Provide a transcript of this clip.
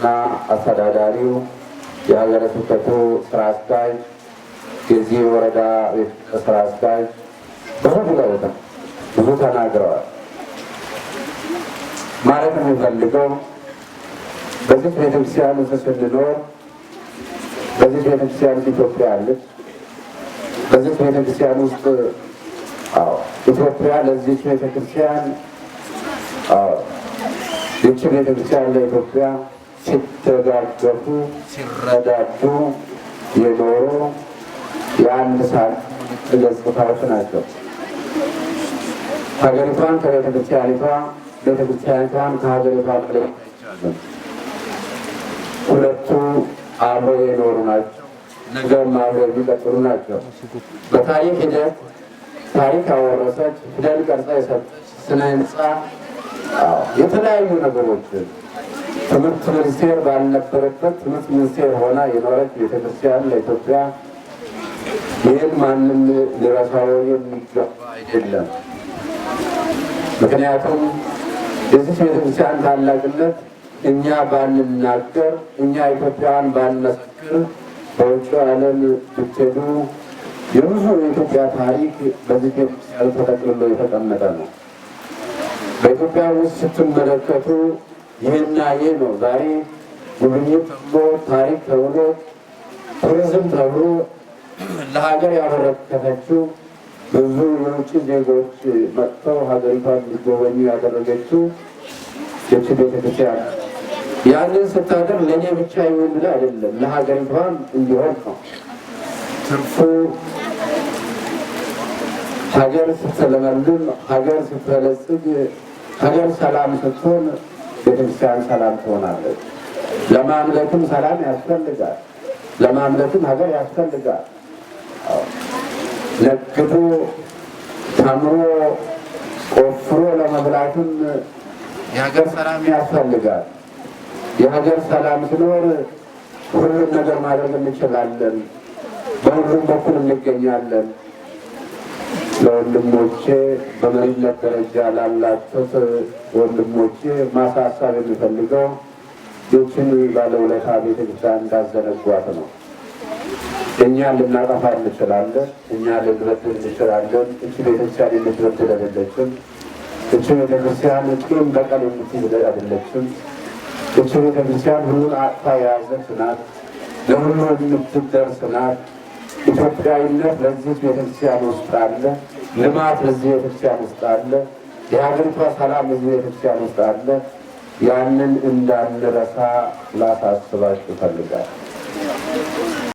እና አስተዳዳሪው፣ የሀገረ ስብከቱ ስራ አስኪያጅ፣ የዚህ ወረዳ ስራ አስኪያጅ በሰፊ ለውጥ ብዙ ተናግረዋል። ማለት የሚፈልገው በዚህ ቤተክርስቲያን ውስጥ ስንኖር በዚህ ቤተክርስቲያን ኢትዮጵያ አለች። በዚህ ቤተክርስቲያን ውስጥ ኢትዮጵያ ለዚች ቤተክርስቲያን ይቺ ቤተክርስቲያን ለኢትዮጵያ ሲተጋገፉ ሲረዳዱ የኖሩ የአንድ ሰዓት ገጽታዎች ናቸው። ሀገሪቷን ከቤተክርስቲያኒቷ ቤተክርስቲያኒቷን ከሀገሪቷ መለየት ሁለቱ አብሮ የኖሩ ናቸው፣ ነገም የሚቀጥሉ ናቸው። በታሪክ ሂደት ታሪክ ያወረሰች ፊደል ቀርጻ የሰጠች ስነ ህንፃ የተለያዩ ነገሮችን ትምህርት ሚኒስቴር ባልነበረበት ትምህርት ሚኒስቴር ሆና የኖረች ቤተክርስቲያን ለኢትዮጵያ ይህን ማንም ሊረሳው የሚገባ ምክንያቱም የዚህ ቤተክርስቲያን ታላቅነት እኛ ባንናገር፣ እኛ ኢትዮጵያውያን ባንመስክር፣ በውጭ ዓለም ብትሄዱ የብዙ የኢትዮጵያ ታሪክ በዚህ ቤተክርስቲያን ተጠቅልሎ የተቀመጠ ነው። በኢትዮጵያ ውስጥ ስትመለከቱ ይህና ይህ ነው ዛሬ ጉብኝት ብሎ ታሪክ ተብሎ ቱሪዝም ተብሎ ለሀገር ያበረከተችው ብዙ የውጭ ዜጎች መጥተው ሀገሪቷን እንዲጎበኙ ያደረገችው የውጭ ቤተክርስቲያን ያንን ስታደር ለእኔ ብቻ ይሁን ብላ አይደለም፣ ለሀገሪቷም እንዲሆን ነው። ትርፉ ሀገር ስትለመልም፣ ሀገር ስትበለጽግ፣ ሀገር ሰላም ስትሆን ቤተክርስቲያን ሰላም ትሆናለች። ለማምለክም ሰላም ያስፈልጋል። ለማምለክም ሀገር ያስፈልጋል። ለግቶ ተምሮ ቆፍሮ ለመብላትም የሀገር ሰላም ያስፈልጋል። የሀገር ሰላም ሲኖር ሁሉም ነገር ማድረግ እንችላለን። በሁሉም በኩል እንገኛለን። ለወንድሞቼ በመሪነት ደረጃ ላላችሁት ወንድሞቼ ማሳሰብ የሚፈልገው ይችን ባለውለታ ቤተክርስቲያን እንዳዘነጓት ነው። እኛ ልናጠፋ እንችላለን፣ እኛ ልንበድል እንችላለን። እቺ ቤተክርስቲያን የምትበድል አይደለችም። እቺ ቤተክርስቲያን ቂም በቀል የምትይዝ አይደለችም። እቺ ቤተክርስቲያን ሁሉን አቅፋ የያዘች ናት፣ ለሁሉ የምትደርስ ናት። ኢትዮጵያዊነት ለዚህ ቤተክርስቲያን ውስጥ አለ። ልማት ለዚህ ቤተክርስቲያን ውስጥ አለ። የሀገሪቷ ሰላም ለዚህ ቤተክርስቲያን ውስጥ አለ። ያንን እንዳንረሳ ላሳስባችሁ እፈልጋለሁ።